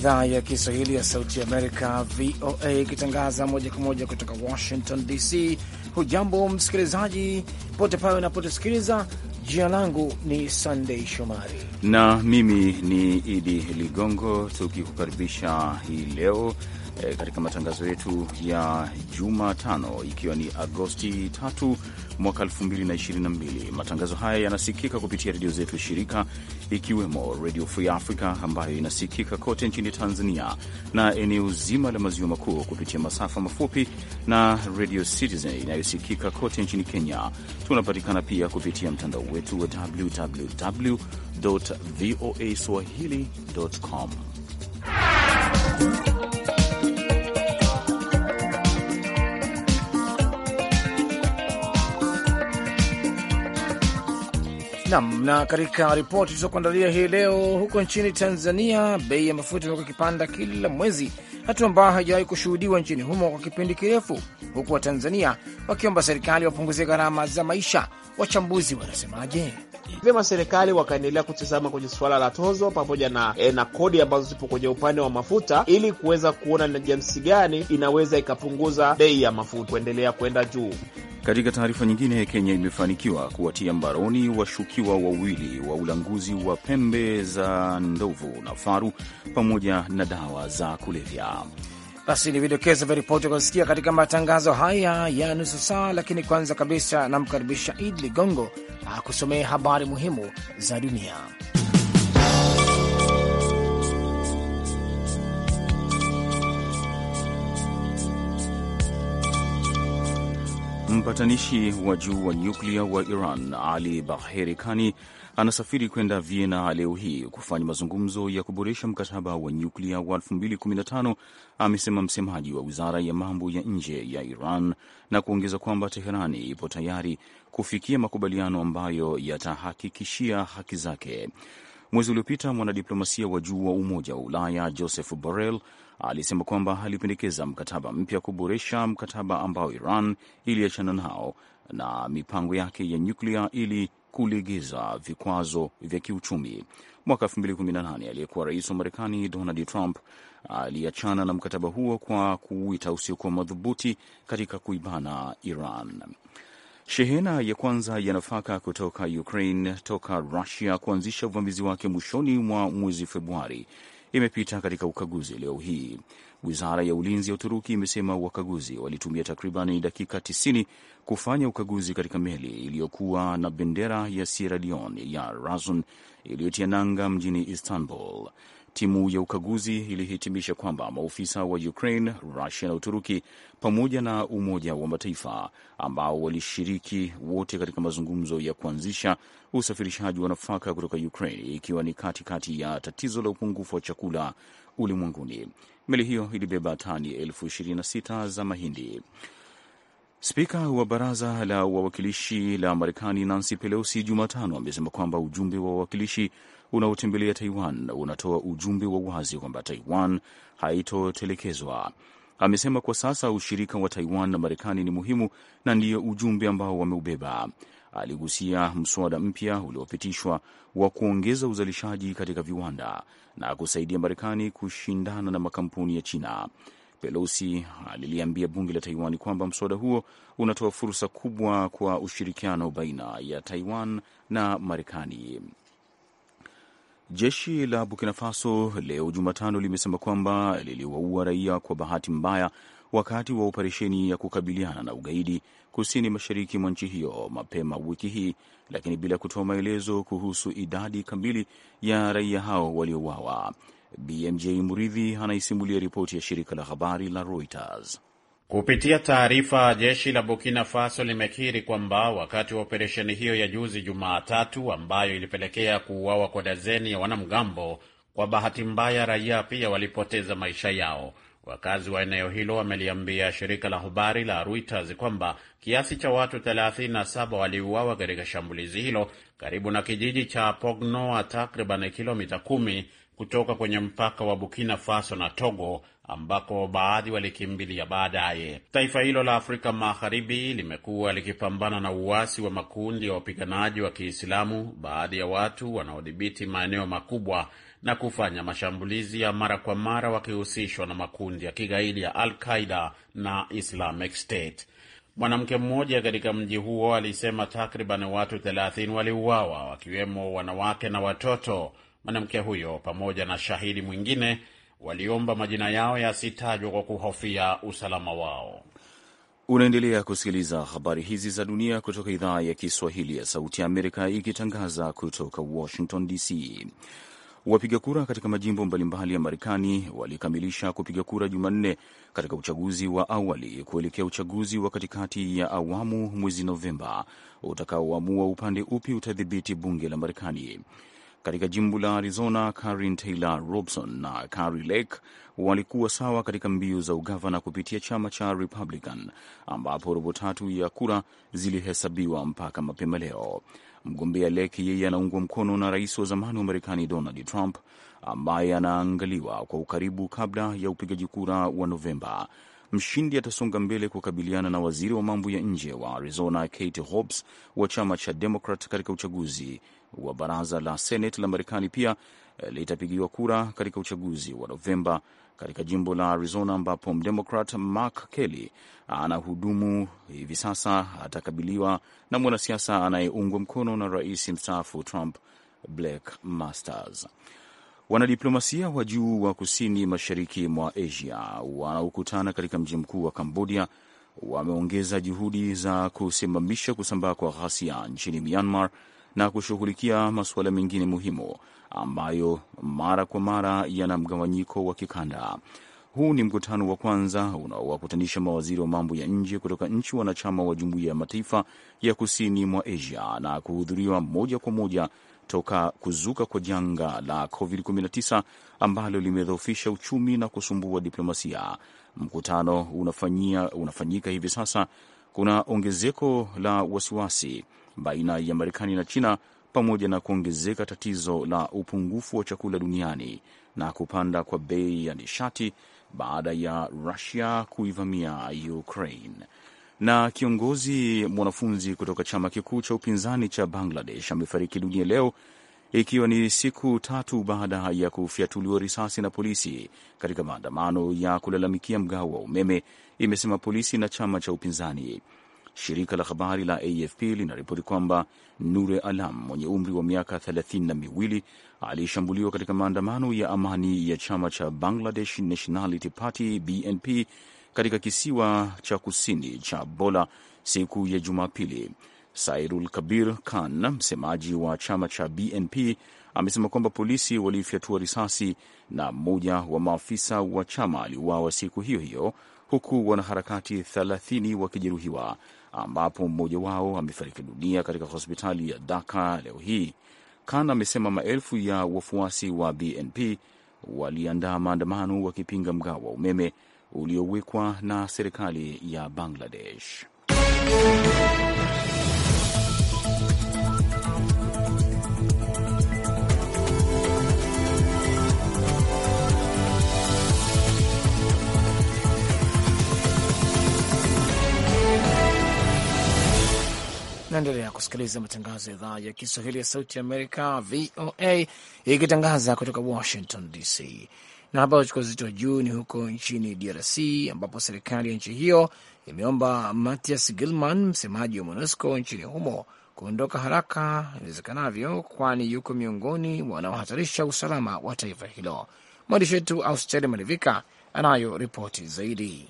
idhaa ya Kiswahili ya Sauti ya Amerika, VOA, ikitangaza moja kwa moja kutoka Washington DC. Hujambo msikilizaji, pote pale unapotusikiliza. Jina langu ni Sandei Shomari na mimi ni Idi Ligongo, tukikukaribisha hii leo e, katika matangazo yetu ya Jumatano ikiwa ni Agosti 3 mwaka 2022. Matangazo haya yanasikika kupitia redio zetu shirika ikiwemo Radio Free Africa ambayo inasikika kote nchini Tanzania na eneo zima la maziwa makuu kupitia masafa mafupi na Radio Citizen inayosikika kote nchini Kenya. Tunapatikana pia kupitia mtandao wetu wa www voa swahili com Nam na, katika ripoti tulizokuandalia hii leo, huko nchini Tanzania bei ya mafuta imekuwa ikipanda kila mwezi hatua ambayo haijawahi kushuhudiwa nchini humo kwa kipindi kirefu, huku Watanzania wakiomba serikali wapunguze gharama za maisha. Wachambuzi wanasemaje? Vyema serikali wakaendelea kutizama kwenye suala la tozo pamoja na, e, na kodi ambazo zipo kwenye upande wa mafuta ili kuweza kuona na jinsi gani inaweza ikapunguza bei ya mafuta kuendelea kwenda juu. Katika taarifa nyingine, Kenya imefanikiwa kuwatia mbaroni washukiwa wawili wa ulanguzi wa pembe za ndovu na faru pamoja na dawa za kulevya. Basi ni vidokezo vya ripoti kusikia katika matangazo haya ya nusu saa, lakini kwanza kabisa namkaribisha id Ligongo akusomee habari muhimu za dunia. Mpatanishi wa juu wa nyuklia wa Iran Ali Bagheri Kani anasafiri kwenda Vienna leo hii kufanya mazungumzo ya kuboresha mkataba wa nyuklia wa 2015 amesema msemaji wa wizara ya mambo ya nje ya Iran na kuongeza kwamba Teherani ipo tayari kufikia makubaliano ambayo yatahakikishia haki zake. Mwezi uliopita mwanadiplomasia wa juu wa Umoja wa Ulaya Joseph Borrell alisema kwamba alipendekeza mkataba mpya kuboresha mkataba ambao Iran iliachana nao na mipango yake ya nyuklia ili kulegeza vikwazo vya kiuchumi. Mwaka 2018 aliyekuwa rais wa Marekani Donald Trump aliachana na mkataba huo kwa kuuita usiokuwa madhubuti katika kuibana Iran. Shehena ya kwanza ya nafaka kutoka Ukraine toka Rusia kuanzisha uvamizi wake mwishoni mwa mwezi Februari imepita katika ukaguzi leo hii. Wizara ya ulinzi ya Uturuki imesema wakaguzi walitumia takribani dakika 90 kufanya ukaguzi katika meli iliyokuwa na bendera ya Sierra Leone ya Razon iliyotia nanga mjini Istanbul. Timu ya ukaguzi ilihitimisha kwamba maofisa wa Ukraine, Rusia na Uturuki pamoja na Umoja wa Mataifa ambao walishiriki wote katika mazungumzo ya kuanzisha usafirishaji wa nafaka kutoka Ukraine, ikiwa ni katikati kati ya tatizo la upungufu wa chakula ulimwenguni. Meli hiyo ilibeba tani elfu 26 za mahindi. Spika wa baraza la wawakilishi la Marekani Nancy Pelosi Jumatano amesema kwamba ujumbe wa wawakilishi unaotembelea Taiwan unatoa ujumbe wa wazi kwamba Taiwan haitotelekezwa. Amesema kwa sasa ushirika wa Taiwan na Marekani ni muhimu na ndiyo ujumbe ambao wameubeba. Aligusia mswada mpya uliopitishwa wa kuongeza uzalishaji katika viwanda na kusaidia Marekani kushindana na makampuni ya China. Pelosi aliliambia bunge la Taiwan kwamba mswada huo unatoa fursa kubwa kwa ushirikiano baina ya Taiwan na Marekani. Jeshi la Burkina Faso leo Jumatano limesema kwamba liliwaua raia kwa bahati mbaya wakati wa operesheni ya kukabiliana na ugaidi kusini mashariki mwa nchi hiyo mapema wiki hii, lakini bila kutoa maelezo kuhusu idadi kamili ya raia hao waliouawa. BMJ Muridhi anaisimulia ripoti ya shirika la habari la Reuters. Kupitia taarifa, jeshi la Burkina Faso limekiri kwamba wakati wa operesheni hiyo ya juzi Jumatatu, ambayo ilipelekea kuuawa kwa dazeni ya wanamgambo, kwa bahati mbaya raia pia walipoteza maisha yao. Wakazi wa eneo hilo wameliambia shirika la habari la Reuters kwamba kiasi cha watu 37 waliuawa katika shambulizi hilo karibu na kijiji cha Pognoa, takriban kilomita 10 kutoka kwenye mpaka wa Burkina Faso na Togo ambako baadhi walikimbilia baadaye. Taifa hilo la Afrika Magharibi limekuwa likipambana na uasi wa makundi ya wapiganaji wa Kiislamu, baadhi ya watu wanaodhibiti maeneo makubwa na kufanya mashambulizi ya mara kwa mara wakihusishwa na makundi ya kigaidi ya Al-Qaida na Islamic State. Mwanamke mmoja katika mji huo alisema takriban watu 30 waliuawa wakiwemo wanawake na watoto Mwanamke huyo pamoja na shahidi mwingine waliomba majina yao yasitajwa kwa kuhofia usalama wao. Unaendelea kusikiliza habari hizi za dunia kutoka idhaa ya Kiswahili ya Sauti ya Amerika ikitangaza kutoka Washington DC. Wapiga kura katika majimbo mbalimbali ya Marekani walikamilisha kupiga kura Jumanne katika uchaguzi wa awali kuelekea uchaguzi wa katikati ya awamu mwezi Novemba utakaoamua upande upi utadhibiti bunge la Marekani. Katika jimbo la Arizona, Karin Taylor Robson na Kari Lake walikuwa sawa katika mbio za ugavana kupitia chama cha Republican, ambapo robo tatu ya kura zilihesabiwa mpaka mapema leo. Mgombea Lake yeye anaungwa mkono na rais wa zamani wa Marekani Donald Trump, ambaye anaangaliwa kwa ukaribu kabla ya upigaji kura wa Novemba. Mshindi atasonga mbele kukabiliana na waziri wa mambo ya nje wa Arizona Kate Hobbs wa chama cha Democrat katika uchaguzi wa baraza la Senate la Marekani pia eh, litapigiwa kura katika uchaguzi wa Novemba katika jimbo la Arizona ambapo mdemokrat Mark Kelly anahudumu hivi sasa, atakabiliwa na mwanasiasa anayeungwa mkono na rais mstaafu Trump, Blake Masters. Wanadiplomasia wa juu wa kusini mashariki mwa Asia wanaokutana katika mji mkuu wa Kambodia wameongeza juhudi za kusimamisha kusambaa kwa ghasia nchini Myanmar na kushughulikia masuala mengine muhimu ambayo mara kwa mara yana mgawanyiko wa kikanda. Huu ni mkutano wa kwanza unaowakutanisha mawaziri wa mambo ya nje kutoka nchi wanachama wa Jumuiya ya Mataifa ya Kusini mwa Asia na kuhudhuriwa moja kwa moja toka kuzuka kwa janga la COVID-19 ambalo limedhoofisha uchumi na kusumbua diplomasia. Mkutano unafanyia, unafanyika hivi sasa. Kuna ongezeko la wasiwasi baina ya Marekani na China pamoja na kuongezeka tatizo la upungufu wa chakula duniani na kupanda kwa bei ya nishati baada ya Rusia kuivamia Ukraine. Na kiongozi mwanafunzi kutoka chama kikuu cha upinzani cha Bangladesh amefariki dunia leo ikiwa ni siku tatu baada ya kufyatuliwa risasi na polisi katika maandamano ya kulalamikia mgao wa umeme, imesema polisi na chama cha upinzani. Shirika la habari la AFP linaripoti kwamba Nure Alam mwenye umri wa miaka thelathini na miwili alishambuliwa katika maandamano ya amani ya chama cha Bangladesh Nationality Party BNP katika kisiwa cha kusini cha Bola siku ya Jumapili. Sairul Kabir Khan, msemaji wa chama cha BNP, amesema kwamba polisi walifyatua risasi na mmoja wa maafisa wa chama aliuawa siku hiyo hiyo, huku wanaharakati 30 wakijeruhiwa, ambapo mmoja wao amefariki dunia katika hospitali ya Dhaka leo hii. Khan amesema maelfu ya wafuasi wa BNP waliandaa maandamano wakipinga mgao wa umeme uliowekwa na serikali ya Bangladesh. Naendelea kusikiliza matangazo ya idhaa ya Kiswahili ya Sauti ya Amerika, VOA, ikitangaza kutoka Washington DC. Na hapa uchukua uzito wa juu ni huko nchini DRC, ambapo serikali ya nchi hiyo imeomba matias Gilman, msemaji wa MONUSCO nchini humo, kuondoka haraka iwezekanavyo, kwani yuko miongoni wanaohatarisha usalama wa taifa hilo. Mwandishi wetu Austeli Malivika anayo ripoti zaidi.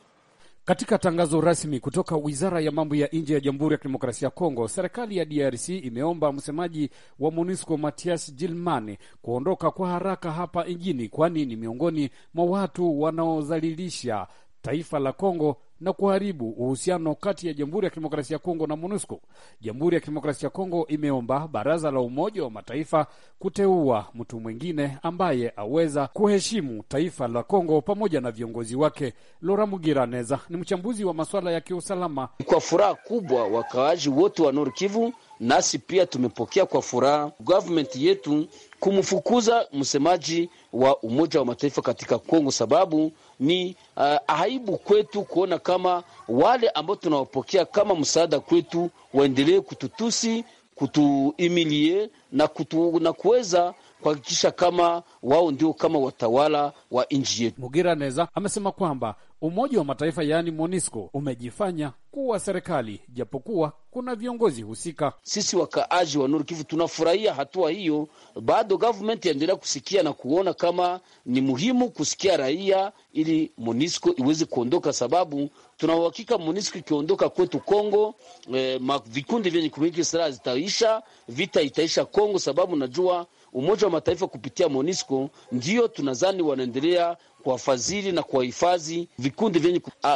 Katika tangazo rasmi kutoka wizara ya mambo ya nje ya Jamhuri ya Kidemokrasia ya Kongo, serikali ya DRC imeomba msemaji wa MONUSCO Matias jilman kuondoka kwa haraka hapa nchini, kwani ni miongoni mwa watu wanaozalilisha taifa la Kongo na kuharibu uhusiano kati ya Jamhuri ya Kidemokrasia ya Kongo na MONUSCO. Jamhuri ya Kidemokrasia ya Kongo imeomba Baraza la Umoja wa Mataifa kuteua mtu mwingine ambaye aweza kuheshimu taifa la Kongo pamoja na viongozi wake. Lora Mugiraneza ni mchambuzi wa masuala ya kiusalama. Kwa furaha kubwa wakaaji wote wa Nord Kivu nasi pia tumepokea kwa furaha government yetu kumfukuza msemaji wa Umoja wa Mataifa katika Kongo, sababu ni uh, aibu kwetu kuona kama wale ambao tunawapokea kama msaada kwetu waendelee kututusi, kutuimilie na, kutu, na kuweza kuhakikisha kama wao ndio kama watawala wa nchi yetu. Mugira Neza amesema kwamba Umoja wa Mataifa yaani MONUSCO umejifanya kuwa serikali japokuwa kuna viongozi husika. Sisi wakaaji wa Nord Kivu tunafurahia hatua hiyo, bado government yaendelea kusikia na kuona kama ni muhimu kusikia raia, ili MONUSCO iweze kuondoka, sababu tunauhakika MONUSCO ikiondoka kwetu Kongo, eh, vikundi vyenye kumiliki silaha zitaisha, vita itaisha Kongo, sababu najua Umoja wa Mataifa kupitia MONUSCO ndio tunazani wanaendelea kuwafadhili na kuwahifadhi vikundi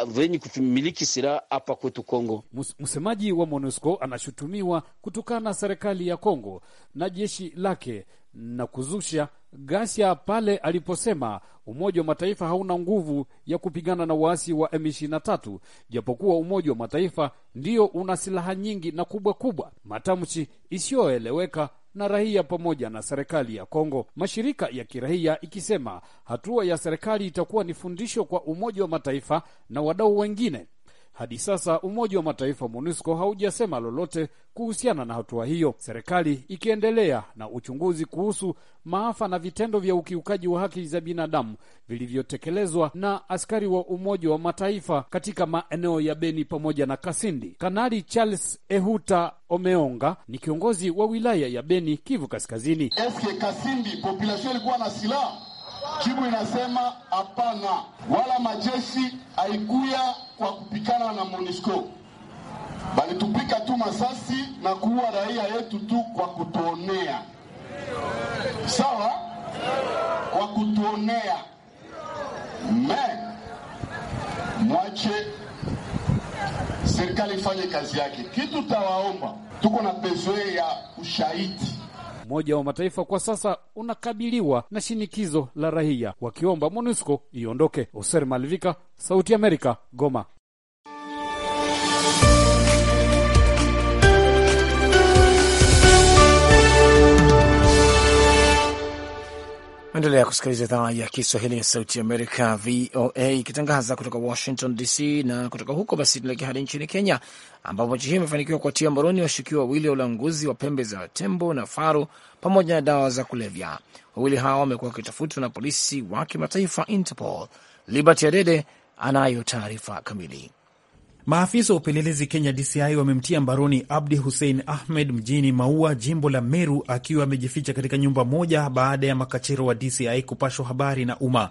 vyenye, kumiliki silaha hapa kwetu Kongo. Msemaji wa MONUSCO anashutumiwa kutokana na serikali ya Kongo na jeshi lake na kuzusha ghasia pale aliposema Umoja wa Mataifa hauna nguvu ya kupigana na waasi wa M23, japokuwa Umoja wa Mataifa ndio una silaha nyingi na kubwa kubwa. Matamshi isiyoeleweka na raia pamoja na serikali ya Kongo, mashirika ya kiraia ikisema hatua ya serikali itakuwa ni fundisho kwa Umoja wa Mataifa na wadau wengine hadi sasa Umoja wa Mataifa MONUSCO haujasema lolote kuhusiana na hatua hiyo, serikali ikiendelea na uchunguzi kuhusu maafa na vitendo vya ukiukaji wa haki za binadamu vilivyotekelezwa na askari wa Umoja wa Mataifa katika maeneo ya Beni pamoja na Kasindi. Kanali Charles Ehuta Omeonga ni kiongozi wa wilaya ya Beni, Kivu Kaskazini. Eske Kasindi population ilikuwa na silaha Jibu inasema hapana, wala majeshi haikuya kwa kupikana na MONUSCO, balitupika tu masasi na kuua raia yetu tu kwa kutuonea. Sawa, kwa kutuonea me mwache serikali ifanye kazi yake. Kitu tawaomba, tuko na pezoe ya ushahidi Umoja wa Mataifa kwa sasa unakabiliwa na shinikizo la raia wakiomba MONUSCO iondoke. Oser Malivika, Sauti Amerika, Goma. Endelea kusikiliza idhaa ya Kiswahili ya Sauti Amerika, VOA, ikitangaza kutoka Washington DC. Na kutoka huko basi tunaelekea hadi nchini Kenya, ambapo nchi hii imefanikiwa kuwatia mbaroni washukiwa wawili wa ulanguzi wa pembe za tembo na faru pamoja na dawa za kulevya. Wawili hawa wamekuwa wakitafutwa na polisi wa kimataifa Interpol. Liberty Adede anayo taarifa kamili. Maafisa wa upelelezi Kenya DCI wamemtia mbaroni Abdi Hussein Ahmed mjini Maua, jimbo la Meru, akiwa amejificha katika nyumba moja baada ya makachero wa DCI kupashwa habari na umma.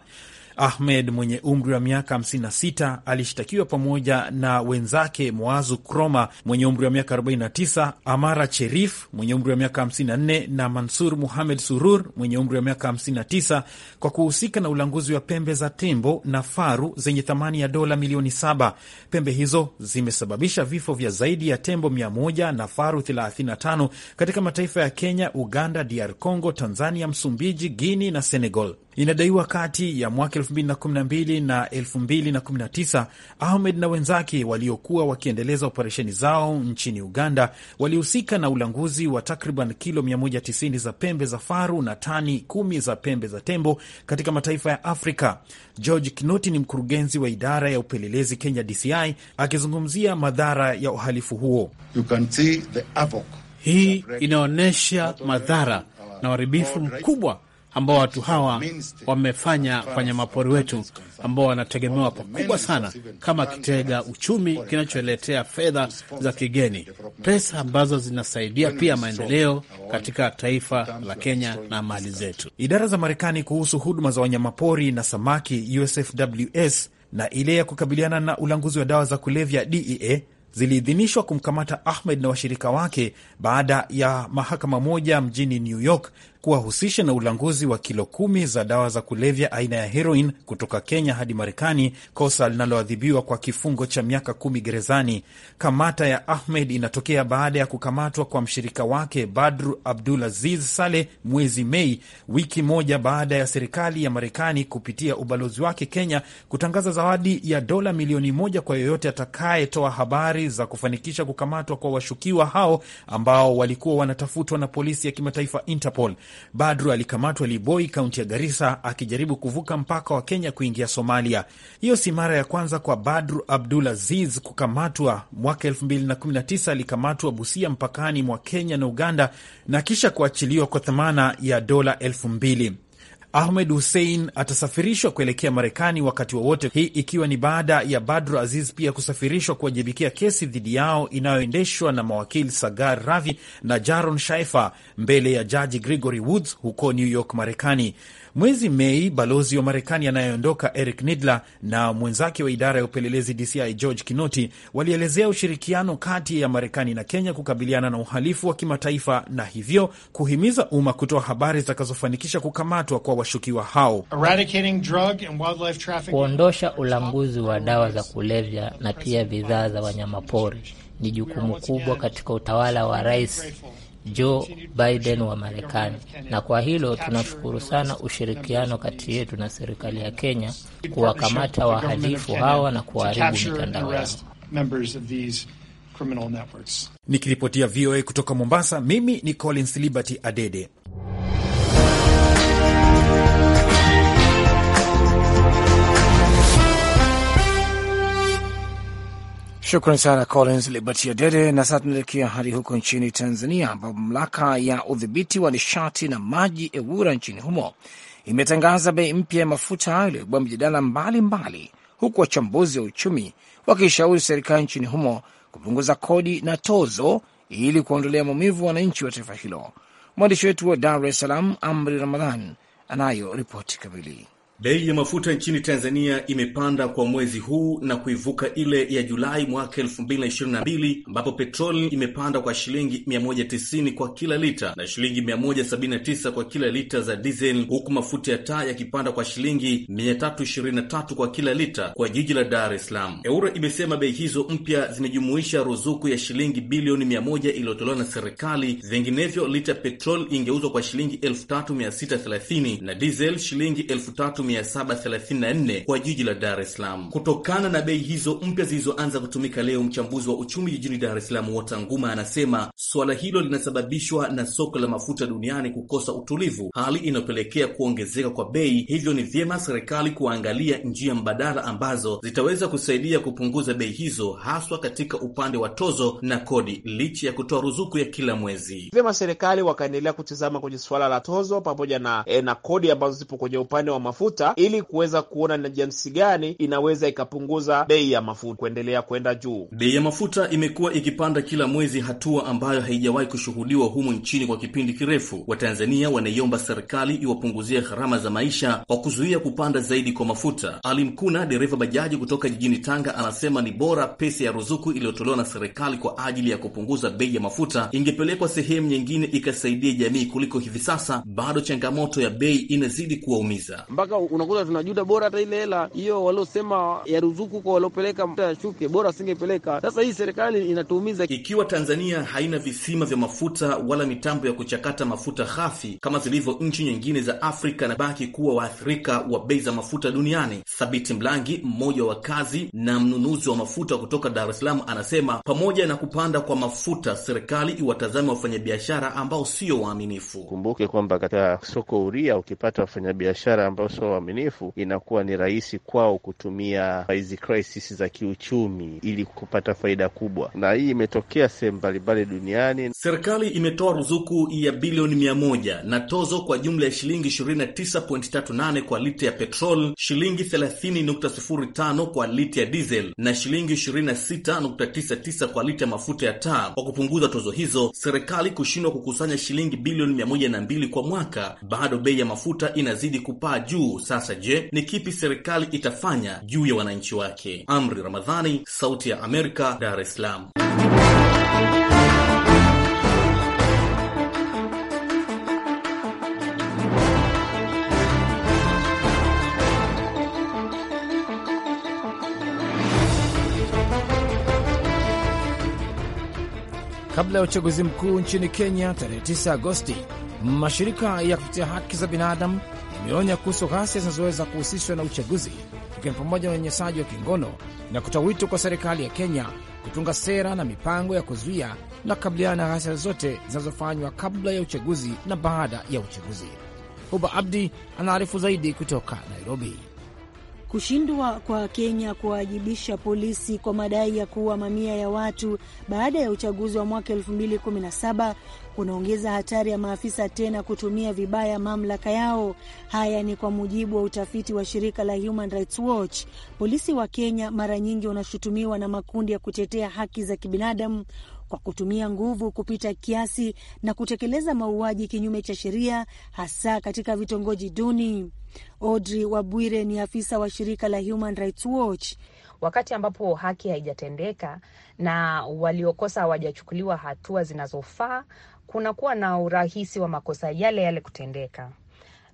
Ahmed mwenye umri wa miaka 56 alishtakiwa pamoja na wenzake Moazu Kroma mwenye umri wa miaka 49, Amara Cherif mwenye umri wa miaka 54 na Mansur Muhamed Surur mwenye umri wa miaka 59 kwa kuhusika na ulanguzi wa pembe za tembo na faru zenye thamani ya dola milioni 7. Pembe hizo zimesababisha vifo vya zaidi ya tembo 100 na faru 35 katika mataifa ya Kenya, Uganda, DR Congo, Tanzania, Msumbiji, Guini na Senegal. Inadaiwa kati ya mwaka 2012 na 2019 Ahmed na wenzake waliokuwa wakiendeleza operesheni zao nchini Uganda walihusika na ulanguzi wa takriban kilo 190 za pembe za faru na tani 10 za pembe za tembo katika mataifa ya Afrika. George Kinoti ni mkurugenzi wa idara ya upelelezi Kenya DCI, akizungumzia madhara ya uhalifu huo. You can see the havoc. Hii inaonyesha madhara na uharibifu mkubwa ambao watu hawa wamefanya wanyamapori wetu ambao wanategemewa pakubwa sana kama kitega uchumi kinacholetea fedha za kigeni, pesa ambazo zinasaidia pia maendeleo katika taifa la Kenya na mali zetu. Idara za Marekani kuhusu huduma za wanyamapori na samaki USFWS na ile ya kukabiliana na ulanguzi wa dawa za kulevya DEA ziliidhinishwa kumkamata Ahmed na washirika wake baada ya mahakama moja mjini New York kuwahusisha na ulanguzi wa kilo kumi za dawa za kulevya aina ya heroin kutoka Kenya hadi Marekani, kosa linaloadhibiwa kwa kifungo cha miaka kumi gerezani. Kamata ya Ahmed inatokea baada ya kukamatwa kwa mshirika wake Badru aziz Saleh mwezi Mei, wiki moja baada ya serikali ya Marekani kupitia ubalozi wake Kenya kutangaza zawadi ya dola milioni moja kwa yoyote atakayetoa habari za kufanikisha kukamatwa kwa washukiwa hao ambao walikuwa wanatafutwa na polisi ya kimataifa Interpol. Badru alikamatwa Liboi, kaunti ya Garisa, akijaribu kuvuka mpaka wa Kenya kuingia Somalia. Hiyo si mara ya kwanza kwa Badru abdul aziz kukamatwa. Mwaka 2019 alikamatwa Busia, mpakani mwa Kenya na Uganda, na kisha kuachiliwa kwa thamana ya dola elfu mbili. Ahmed Hussein atasafirishwa kuelekea Marekani wakati wowote, hii ikiwa ni baada ya Badru Aziz pia kusafirishwa kuwajibikia kesi dhidi yao inayoendeshwa na mawakili Sagar Ravi na Jaron Shaifa mbele ya jaji Gregory Woods huko New York, Marekani. Mwezi Mei, balozi wa Marekani anayeondoka Eric Nidler na mwenzake wa idara ya upelelezi DCI George Kinoti walielezea ushirikiano kati ya Marekani na Kenya kukabiliana na uhalifu wa kimataifa na hivyo kuhimiza umma kutoa habari zitakazofanikisha kukamatwa kwa washukiwa hao, kuondosha ulanguzi wa dawa za kulevya na pia bidhaa za wanyamapori ni jukumu kubwa katika utawala wa rais Joe Biden wa Marekani, na kwa hilo tunashukuru sana ushirikiano kati yetu na serikali ya Kenya kuwakamata wahalifu hawa na kuharibu mitandao yao. Nikiripotia VOA kutoka Mombasa, mimi ni Collins Liberty Adede. Shukran sana Collins Libertia Dede. Na sasa tunaelekea hadi huko nchini Tanzania, ambapo mamlaka ya udhibiti wa nishati na maji EWURA nchini humo imetangaza bei mpya ya mafuta iliyoibua mjadala mbalimbali, huku wachambuzi wa uchumi wakishauri serikali nchini humo kupunguza kodi na tozo ili kuondolea maumivu wananchi wa taifa hilo. Mwandishi wetu wa Dar es Salaam, Amri Ramadhan, anayo ripoti kamili. Bei ya mafuta nchini Tanzania imepanda kwa mwezi huu na kuivuka ile ya Julai mwaka 2022 ambapo petroli imepanda kwa shilingi 190 kwa kila lita na shilingi 179 kwa kila lita za dizeli, huku mafuta ya taa yakipanda kwa shilingi 323 kwa kila lita kwa jiji la Dar es Salaam. EWURA imesema bei hizo mpya zimejumuisha ruzuku ya shilingi bilioni 100 iliyotolewa na serikali, vinginevyo lita petroli ingeuzwa kwa shilingi 3630 na dizeli shilingi 1300 734 kwa jiji la Dar es Salaam. Kutokana na bei hizo mpya zilizoanza kutumika leo, mchambuzi wa uchumi jijini Dar es Salaam watanguma anasema suala hilo linasababishwa na soko la mafuta duniani kukosa utulivu, hali inayopelekea kuongezeka kwa bei. Hivyo ni vyema serikali kuangalia njia mbadala ambazo zitaweza kusaidia kupunguza bei hizo, haswa katika upande wa tozo na kodi, licha ya kutoa ruzuku ya kila mwezi. Vyema serikali wakaendelea kutizama kwenye suala la tozo pamoja na, eh, na kodi ambazo zipo kwenye upande wa mafuta mafuta ili kuweza kuona na jinsi gani inaweza ikapunguza bei ya mafuta kuendelea kwenda juu. Bei ya mafuta imekuwa ikipanda kila mwezi, hatua ambayo haijawahi kushuhudiwa humu nchini kwa kipindi kirefu. Watanzania wanaiomba serikali iwapunguzie gharama za maisha kwa kuzuia kupanda zaidi kwa mafuta. Ali Mkuna, dereva bajaji kutoka jijini Tanga, anasema ni bora pesa ya ruzuku iliyotolewa na serikali kwa ajili ya kupunguza bei ya mafuta ingepelekwa sehemu nyingine ikasaidia jamii kuliko hivi sasa bado changamoto ya bei inazidi kuwaumiza mpaka unakuta tunajuta, bora hata ile hela hiyo waliosema ya ruzuku kwa waliopeleka mafuta shuke bora asingepeleka. Sasa hii serikali inatuumiza. Ikiwa Tanzania haina visima vya mafuta wala mitambo ya kuchakata mafuta ghafi kama zilivyo nchi nyingine za Afrika, na baki kuwa waathirika wa bei za mafuta duniani. Thabiti Mlangi, mmoja wa kazi na mnunuzi wa mafuta kutoka Dar es Salaam, anasema pamoja na kupanda kwa mafuta, serikali iwatazame wafanyabiashara ambao sio waaminifu. Kumbuke kwamba katika soko huria ukipata wafanyabiashara ambao sio waaminifu, inakuwa ni rahisi kwao kutumia hizi crisis za kiuchumi ili kupata faida kubwa, na hii imetokea sehemu mbalimbali duniani. Serikali imetoa ruzuku ya bilioni mia moja na tozo kwa jumla ya shilingi 29.38 kwa lita ya petrol, shilingi 30.05 kwa lita ya diesel na shilingi 26.99 kwa lita ya mafuta ya taa. Kwa kupunguza tozo hizo, serikali kushindwa kukusanya shilingi bilioni mbili kwa mwaka, bado bei ya mafuta inazidi kupaa juu. Sasa je, ni kipi serikali itafanya juu ya wananchi wake? Amri Ramadhani, Sauti ya Amerika, Dar es Salaam. Kabla ya uchaguzi mkuu nchini Kenya tarehe 9 Agosti, mashirika ya kutetea haki za binadamu imeonya kuhusu ghasia zinazoweza kuhusishwa na uchaguzi, ikiwa ni pamoja na unyanyasaji wa kingono na kutoa wito kwa serikali ya Kenya kutunga sera na mipango ya kuzuia na kukabiliana na ghasia zote zinazofanywa kabla ya uchaguzi na baada ya uchaguzi. Huba Abdi anaarifu zaidi kutoka Nairobi. Kushindwa kwa Kenya kuwajibisha polisi kwa madai ya kuua mamia ya watu baada ya uchaguzi wa mwaka 2017 kunaongeza hatari ya maafisa tena kutumia vibaya mamlaka yao. Haya ni kwa mujibu wa utafiti wa shirika la Human Rights Watch. Polisi wa Kenya mara nyingi wanashutumiwa na makundi ya kutetea haki za kibinadamu kwa kutumia nguvu kupita kiasi na kutekeleza mauaji kinyume cha sheria hasa katika vitongoji duni. Audrey Wabwire ni afisa wa shirika la Human Rights Watch. Wakati ambapo haki haijatendeka na waliokosa hawajachukuliwa hatua zinazofaa, kunakuwa na urahisi wa makosa yale yale kutendeka.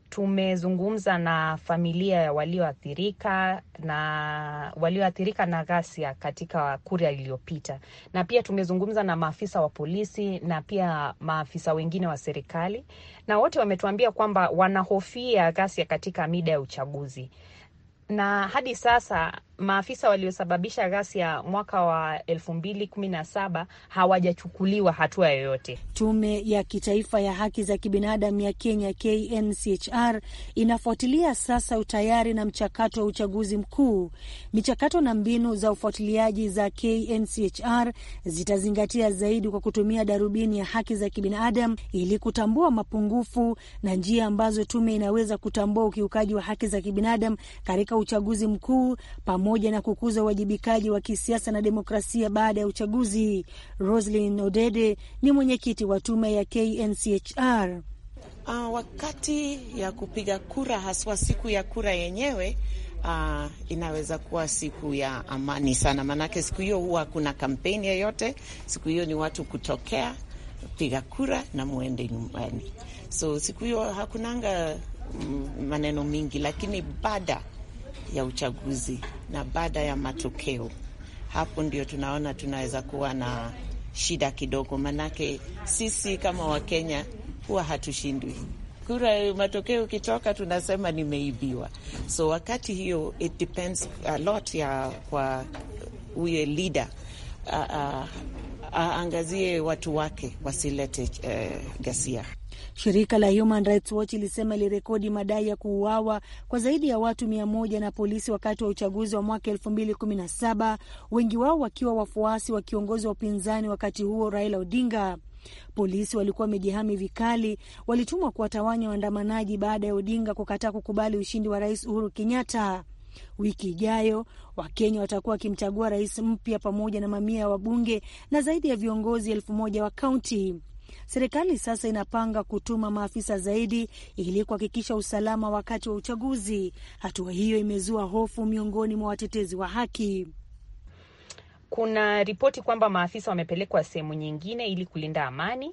Tumezungumza na familia ya walioathirika na walioathirika na ghasia katika kura iliyopita, na pia tumezungumza na maafisa wa polisi na pia maafisa wengine wa serikali, na wote wametuambia kwamba wanahofia ghasia katika mida ya uchaguzi na hadi sasa maafisa waliosababisha ghasia mwaka wa elfu mbili kumi na saba hawajachukuliwa hatua yoyote. Tume ya Kitaifa ya Haki za Kibinadamu ya Kenya, KNCHR, inafuatilia sasa utayari na mchakato wa uchaguzi mkuu. Michakato na mbinu za ufuatiliaji za KNCHR zitazingatia zaidi kwa kutumia darubini ya haki za kibinadamu ili kutambua mapungufu na njia ambazo tume inaweza kutambua ukiukaji wa haki za kibinadamu katika uchaguzi mkuu pamoja pamoja na kukuza uwajibikaji wa kisiasa na demokrasia baada ya uchaguzi. Roslyn Odede ni mwenyekiti wa tume ya KNCHR. Uh, ah, wakati ya kupiga kura haswa siku ya kura yenyewe Uh, inaweza kuwa siku ya amani sana, maanake siku hiyo huwa kuna kampeni yoyote. Siku hiyo ni watu kutokea piga kura na muende nyumbani, so siku hiyo hakunanga mm, maneno mingi, lakini baada ya uchaguzi na baada ya matokeo, hapo ndio tunaona tunaweza kuwa na shida kidogo, manake sisi kama Wakenya huwa hatushindwi kura. Matokeo ukitoka tunasema nimeibiwa. So wakati hiyo, it depends a lot ya kwa huyo leader uh, uh, aangazie watu wake wasilete uh, ghasia. Shirika la Human Rights Watch ilisema ilirekodi madai ya kuuawa kwa zaidi ya watu mia moja na polisi wakati wa uchaguzi wa mwaka elfu mbili kumi na saba, wengi wao wakiwa wafuasi wa kiongozi wa upinzani wakati huo Raila Odinga. Polisi walikuwa wamejihami vikali, walitumwa kuwatawanya waandamanaji baada ya Odinga kukataa kukubali ushindi wa Rais Uhuru Kenyatta. Wiki ijayo Wakenya watakuwa wakimchagua rais mpya pamoja na mamia ya wabunge na zaidi ya viongozi elfu moja wa kaunti. Serikali sasa inapanga kutuma maafisa zaidi ili kuhakikisha usalama wakati wa uchaguzi. Hatua hiyo imezua hofu miongoni mwa watetezi wa haki. Kuna ripoti kwamba maafisa wamepelekwa sehemu nyingine ili kulinda amani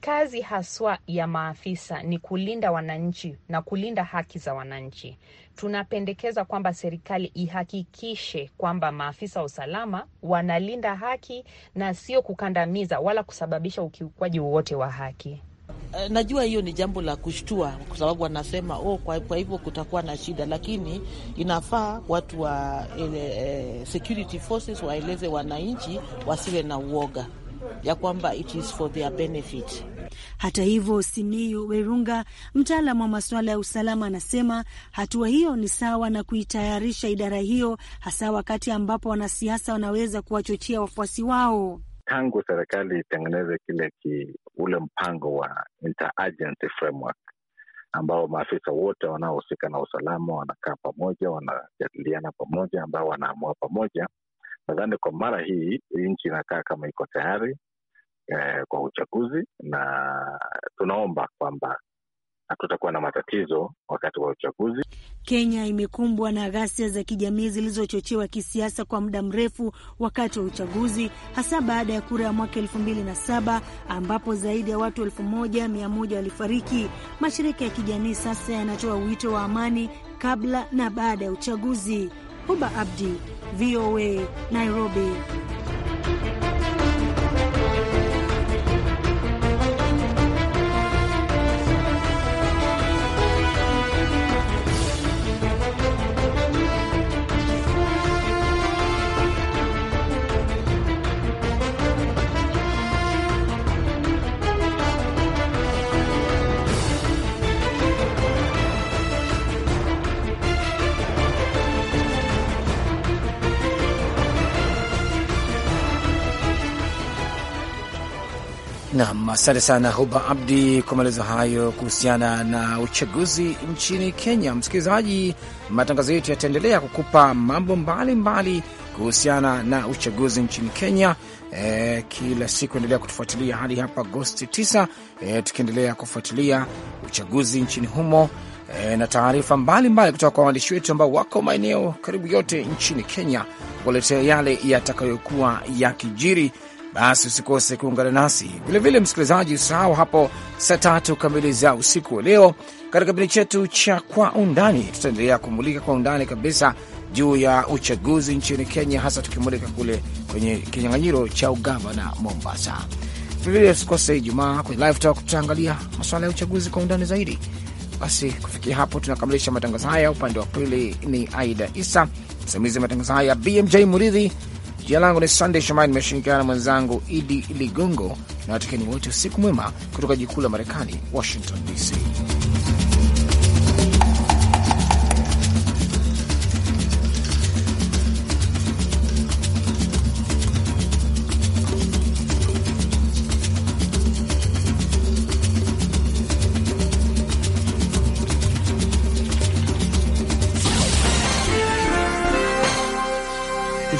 kazi haswa ya maafisa ni kulinda wananchi na kulinda haki za wananchi. Tunapendekeza kwamba serikali ihakikishe kwamba maafisa wa usalama wanalinda haki na sio kukandamiza wala kusababisha ukiukwaji wowote wa haki. Eh, najua hiyo ni jambo la kushtua, kwa sababu wanasema oh, kwa, kwa hivyo kutakuwa na shida, lakini inafaa watu wa eh, eh security forces waeleze wananchi wasiwe na uoga ya kwamba it is for their benefit. Hata hivyo, Simiyu Werunga, mtaalam wa masuala ya usalama, anasema hatua hiyo ni sawa na kuitayarisha idara hiyo, hasa wakati ambapo wanasiasa wanaweza kuwachochea wafuasi wao tangu serikali itengeneze kile ki, ule mpango wa interagency framework ambao maafisa wote wanaohusika na usalama wanakaa pamoja, wanajadiliana pamoja, ambao wanaamua pamoja. Nadhani kwa mara hii nchi inakaa kama iko tayari, eh, kwa uchaguzi, na tunaomba kwamba hatutakuwa na matatizo wakati wa uchaguzi. Kenya imekumbwa na ghasia za kijamii zilizochochewa kisiasa kwa muda mrefu wakati wa uchaguzi, hasa baada ya kura ya mwaka elfu mbili na saba ambapo zaidi ya watu elfu moja mia moja walifariki. Mashirika ya kijamii sasa yanatoa wito wa amani kabla na baada ya uchaguzi. Huba Abdi, VOA, Nairobi. Nam, asante sana Huba Abdi kwa maelezo hayo kuhusiana na uchaguzi nchini Kenya. Msikilizaji, matangazo yetu yataendelea kukupa mambo mbalimbali kuhusiana na uchaguzi nchini Kenya. E, kila siku endelea kutufuatilia hadi hapa Agosti 9, e, eh, tukiendelea kufuatilia uchaguzi nchini humo e, na taarifa mbalimbali kutoka kwa waandishi wetu ambao wako maeneo karibu yote nchini Kenya, kuletea yale yatakayokuwa yakijiri basi usikose kuungana nasi vilevile, msikilizaji, usahau hapo saa tatu kamili za usiku wa leo katika kipindi chetu cha Kwa Undani. Tutaendelea kumulika kwa undani kabisa juu ya uchaguzi nchini Kenya, hasa tukimulika kule kwenye kinyang'anyiro cha ugavana Mombasa. Vilevile usikose Ijumaa kwenye Live Talk, tutaangalia masuala ya uchaguzi kwa undani zaidi. Basi kufikia hapo tunakamilisha matangazo haya. Upande wa pili ni Aida Isa, msimamizi wa matangazo haya BMJ Muridhi. Jina langu ni Sandey Shomari, nimeshirikiana na mwenzangu Idi Ligongo na watakeni wote usiku mwema kutoka jikuu la Marekani, Washington DC.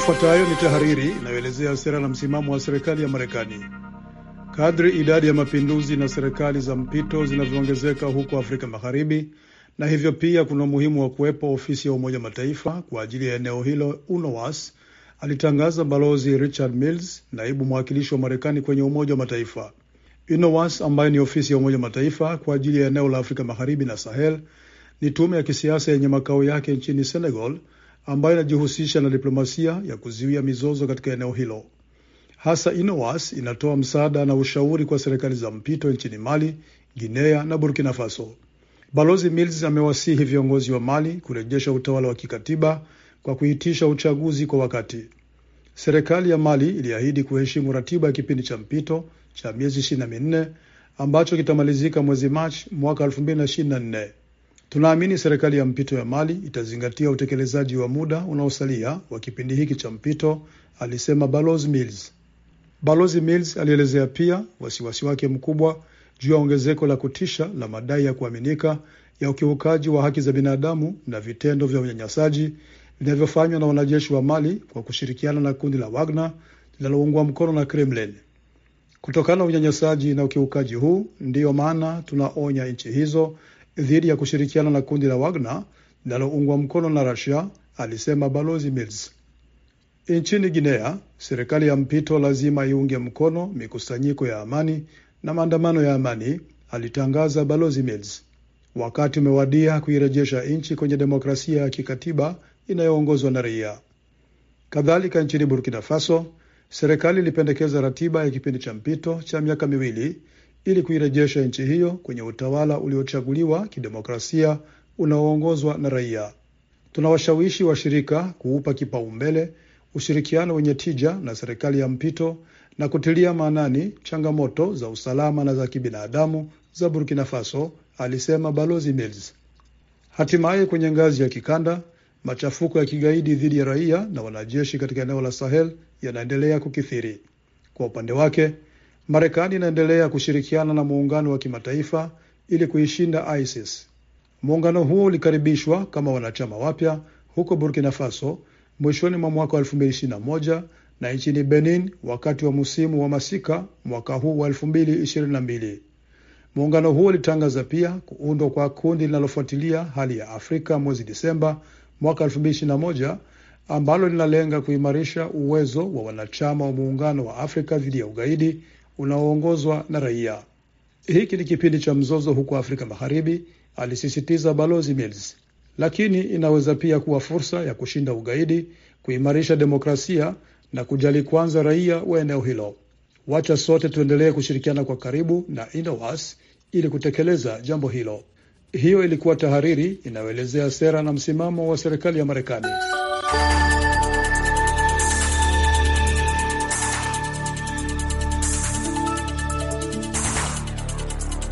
Ifuatayo ni tahariri inayoelezea sera na msimamo wa serikali ya Marekani. Kadri idadi ya mapinduzi na serikali za mpito zinavyoongezeka huko Afrika Magharibi, na hivyo pia kuna umuhimu wa kuwepo ofisi ya Umoja Mataifa kwa ajili ya eneo hilo, UNOWAS, alitangaza Balozi Richard Mills, naibu mwakilishi wa Marekani kwenye Umoja wa Mataifa. UNOWAS ambayo ni ofisi ya Umoja Mataifa kwa ajili ya eneo la Afrika Magharibi na Sahel ni tume ya kisiasa yenye makao yake nchini Senegal ambayo inajihusisha na diplomasia ya kuzuia mizozo katika eneo hilo. Hasa INOAS inatoa msaada na ushauri kwa serikali za mpito nchini Mali, Guinea na Burkina Faso. Balozi Mills amewasihi viongozi wa Mali kurejesha utawala wa kikatiba kwa kuitisha uchaguzi kwa wakati. Serikali ya Mali iliahidi kuheshimu ratiba ya kipindi cha mpito cha miezi ishirini na minne ambacho kitamalizika mwezi Machi mwaka elfu mbili na ishirini na nne. Tunaamini serikali ya mpito ya Mali itazingatia utekelezaji wa muda unaosalia wa kipindi hiki cha mpito, alisema Balozi Mills. Balozi Mills alielezea pia wasiwasi wake mkubwa juu ya ongezeko la kutisha la madai ya kuaminika ya ukiukaji wa haki za binadamu na vitendo vya unyanyasaji vinavyofanywa na wanajeshi wa Mali kwa kushirikiana na kundi la Wagner linaloungwa mkono na Kremlin. Kutokana na unyanyasaji na ukiukaji huu, ndiyo maana tunaonya nchi hizo dhidi ya kushirikiana na kundi la Wagner linaloungwa mkono na Russia, alisema Balozi Mills. Nchini Guinea, serikali ya mpito lazima iunge mkono mikusanyiko ya amani na maandamano ya amani, alitangaza Balozi Mills. Wakati umewadia kuirejesha nchi kwenye demokrasia ya kikatiba inayoongozwa na raia. Kadhalika, nchini Burkina Faso, serikali ilipendekeza ratiba ya kipindi cha mpito cha miaka miwili ili kuirejesha nchi hiyo kwenye utawala uliochaguliwa kidemokrasia unaoongozwa na raia. Tunawashawishi washirika kuupa kipaumbele ushirikiano wenye tija na serikali ya mpito na kutilia maanani changamoto za usalama na za kibinadamu za Burkina Faso, alisema Balozi Mills. Hatimaye, kwenye ngazi ya kikanda, machafuko ya kigaidi dhidi ya raia na wanajeshi katika eneo la Sahel yanaendelea kukithiri. Kwa upande wake Marekani inaendelea kushirikiana na muungano wa kimataifa ili kuishinda ISIS. Muungano huo ulikaribishwa kama wanachama wapya huko Burkina Faso mwishoni mwa mwaka 2021 na nchini Benin wakati wa msimu wa masika mwaka huu wa 2022. Muungano huo ulitangaza pia kuundwa kwa kundi linalofuatilia hali ya Afrika mwezi Disemba mwaka 2021 ambalo linalenga kuimarisha uwezo wa wanachama wa muungano wa Afrika dhidi ya ugaidi unaoongozwa na raia. Hiki ni kipindi cha mzozo huko Afrika Magharibi, alisisitiza Balozi Mills, lakini inaweza pia kuwa fursa ya kushinda ugaidi, kuimarisha demokrasia na kujali kwanza raia wa eneo hilo. Wacha sote tuendelee kushirikiana kwa karibu na ECOWAS ili kutekeleza jambo hilo. Hiyo ilikuwa tahariri inayoelezea sera na msimamo wa serikali ya Marekani.